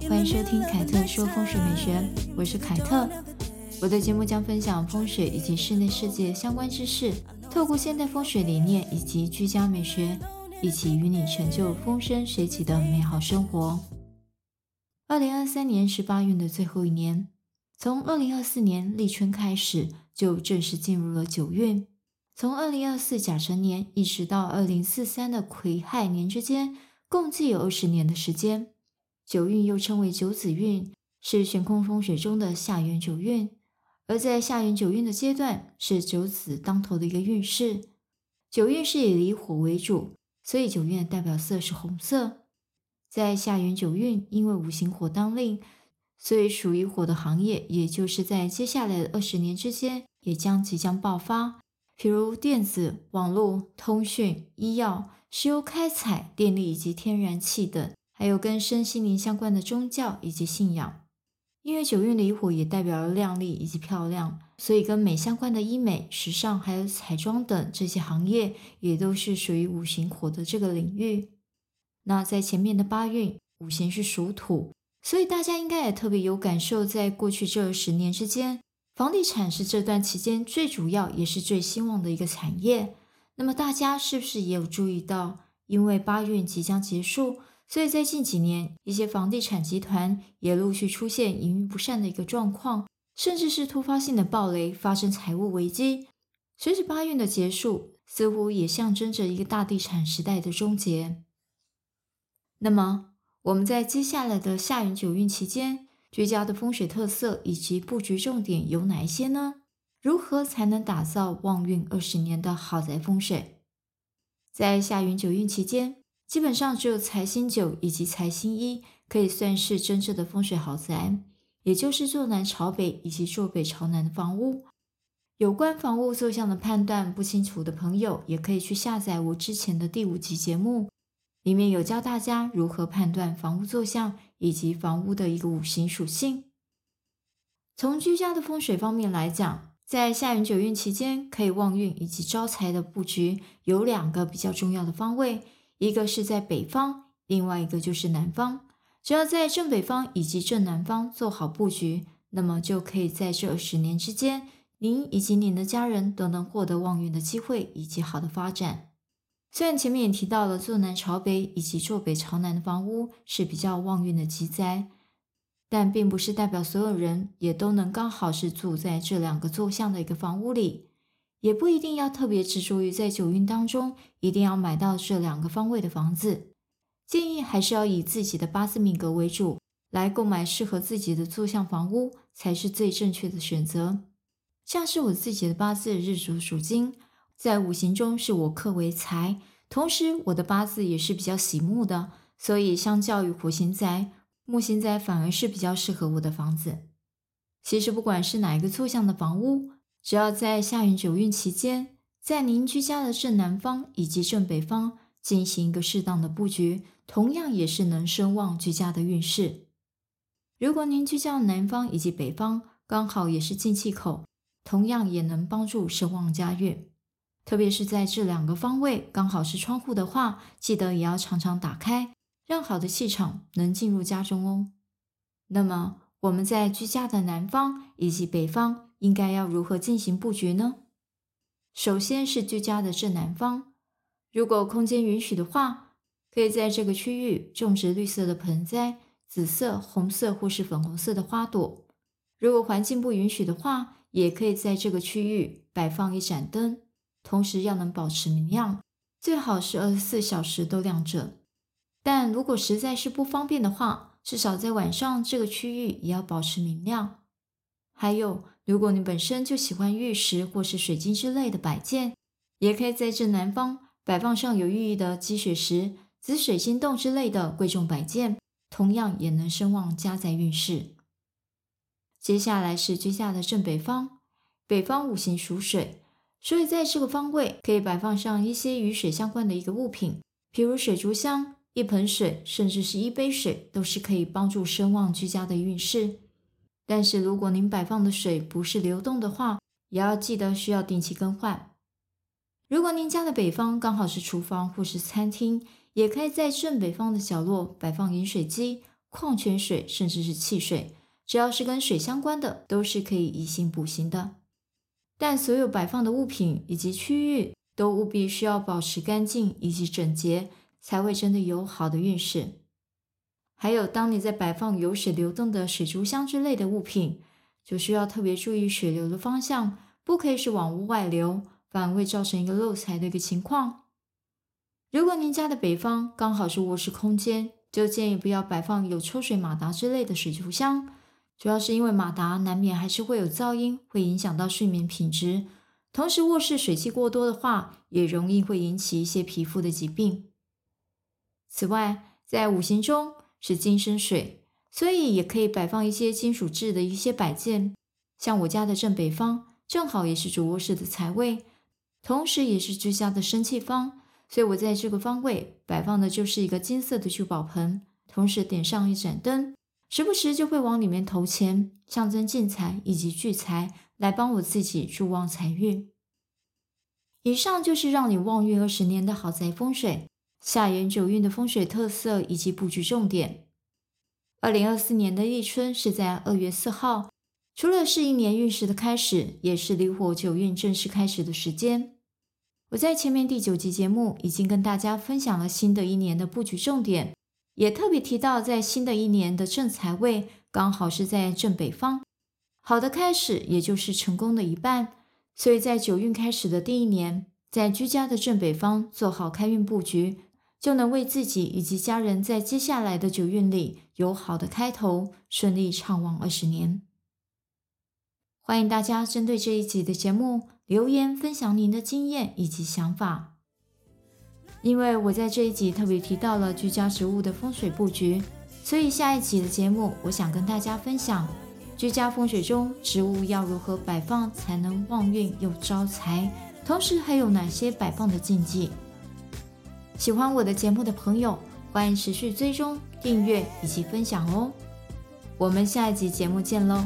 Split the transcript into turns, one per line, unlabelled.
歡迎收聽凱特說風水美學，我是凱特。我的節目將分享風水以及室內設計相關知識，透過現代風水理念以及居家美學，一起與你成就風生水起的美好生活。二零二三年是八運的最後一年，從二零二四年立春開始就正式進入了九運，從二零二四甲辰年一直到二零四三的癸亥年之間，共計有二十年的時間。九運又稱為九紫運，是玄空風水中的下元九運。而在下元九運的階段，是九紫當頭的一個運勢。九運是以離火為主，所以九運的代表色是紅色。在下元九運，因為五行火當令，所以屬於火的行業，也就是在接下來的二十年之間，也將即將爆發，比如電子、網絡、通訊、醫藥、石油開採、電力以及天然氣等。還有跟身心靈相關的宗教以及信仰，因為九運的離火也代表了靚麗以及漂亮，所以跟美相關的醫美、時尚還有彩妝等這些行業也都是屬於五行火的這個領域。那在前面的八運，五行是屬土，所以大家應該也特別有感受，在過去這十年之間，房地產是這段期間最主要也是最興旺的一個產業。那麼大家是不是也有注意到，因為八運即將結束，所以在近幾年，一些房地產集團也陸續出現營運不善的一個狀況，甚至是突發性的暴雷，發生財務危機。隨着八運的結束，似乎也象徵着一個大地產時代的終結。那麼，我們在接下來的下元九運期間，居家的風水特色以及布局重點有哪一些呢？如何才能打造旺運二十年的好宅風水？在下元九運期間。基本上只有財星九以及財星一可以算是真正的風水好宅，也就是坐南朝北以及坐北朝南的房屋。有關房屋坐向的判斷不清楚的朋友，也可以去下載我之前的第五集節目，裡面有教大家如何判斷房屋坐向以及房屋的一個五行屬性。從居家的風水方面來講，在下元九運期間可以旺運以及招財的布局有兩個比較重要的方位。一個是在北方，另外一個就是南方。只要在正北方以及正南方做好佈局，那麼就可以在這十年之間，您以及您的家人都能獲得旺運的機會以及好的發展。雖然前面也提到了坐南朝北以及坐北朝南的房屋是比較旺運的吉宅，但並不是代表所有人也都能剛好是住在這兩個坐向的一個房屋裡。也不一定要特別執着於在九運當中一定要買到這兩個方位的房子，建議還是要以自己的八字命格為主，來購買適合自己的坐向房屋才是最正確的選擇。像是我自己的八字日主屬金，在五行中是我克為財，同時我的八字也是比較喜木的，所以相較於火形宅、木形宅反而是比較適合我的房子。其實不管是哪一個坐向的房屋。只要在下元九運期間，在您居家的正南方以及正北方進行一個適當的佈局，同樣也是能升旺居家的運勢。如果您居家的南方以及北方剛好也是進氣口，同樣也能幫助升旺家運。特別是在這兩個方位剛好是窗戶的話，記得也要常常打開，讓好的氣場能進入家中哦。那麼我們在居家的南方以及北方。應該要如何進行布局呢？首先是居家的正南方，如果空間允許的話，可以在這個區域種植綠色的盆栽、紫色、紅色或是粉紅色的花朵。如果環境不允許的話，也可以在這個區域擺放一盞燈，同時要能保持明亮，最好是二十四小時都亮着。但如果實在是不方便的話，至少在晚上這個區域也要保持明亮。還有，如果你本身就喜歡玉石或是水晶之類的擺件，也可以在正南方擺放上有寓意的雞血石、紫水晶洞之類的貴重擺件，同樣也能升旺家宅運勢。接下來是居家的正北方，北方五行屬水，所以在這個方位可以擺放上一些與水相關的一個物品，比如水族箱、一盆水，甚至是一杯水，都是可以幫助升旺居家的運勢。但是如果您擺放的水不是流動的話，也要記得需要定期更換。如果您家的北方剛好是廚房或是餐廳，也可以在正北方的角落擺放飲水機、礦泉水甚至是汽水，只要是跟水相關的都是可以以形補形的。但所有擺放的物品以及區域都務必需要保持乾淨以及整潔，才會真的有好的運勢。還有，當你在擺放有水流動的水族箱之類的物品，就需要特別注意水流的方向，不可以是往屋外流，反而會造成一個漏財的一個情況。如果您家的北方剛好是臥室空間，就建議不要擺放有抽水馬達之類的水族箱，主要是因為馬達難免還是會有噪音，會影響到睡眠品質。同時，臥室水汽過多的話，也容易會引起一些皮膚的疾病。此外，在五行中，是金生水，所以也可以擺放一些金屬製的一些擺件，像我家的正北方，正好也是主臥室的財位，同時也是居家的生氣方，所以我在這個方位擺放的就是一個金色的聚寶盆，同時點上一盞燈，時不時就會往裡面投錢，象徵進財以及聚財，來幫我自己助旺財運。以上就是讓你旺運二十年的好宅風水，下元九運的風水特色以及佈局重點。二零二四年的立春是在二月四號，除了是一年運勢的開始，也是離火九運正式開始的時間。我在前面第九集節目已經跟大家分享了新的一年的佈局重點，也特別提到在新的一年的正財位剛好是在正北方，好的開始也就是成功的一半，所以在九運開始的第一年，在居家的正北方做好開運佈局，就能為自己以及家人在接下來的九運裡有好的開頭，順利暢旺二十年。歡迎大家針對這一集的節目留言分享您的經驗以及想法。因為我在這一集特別提到了居家植物的風水佈局，所以下一集的節目我想跟大家分享，居家風水中植物要如何擺放才能旺運又招財，同時還有哪些擺放的禁忌。喜歡我的節目的朋友，歡迎持續追蹤、訂閱以及分享哦！我們下一集節目見嘍！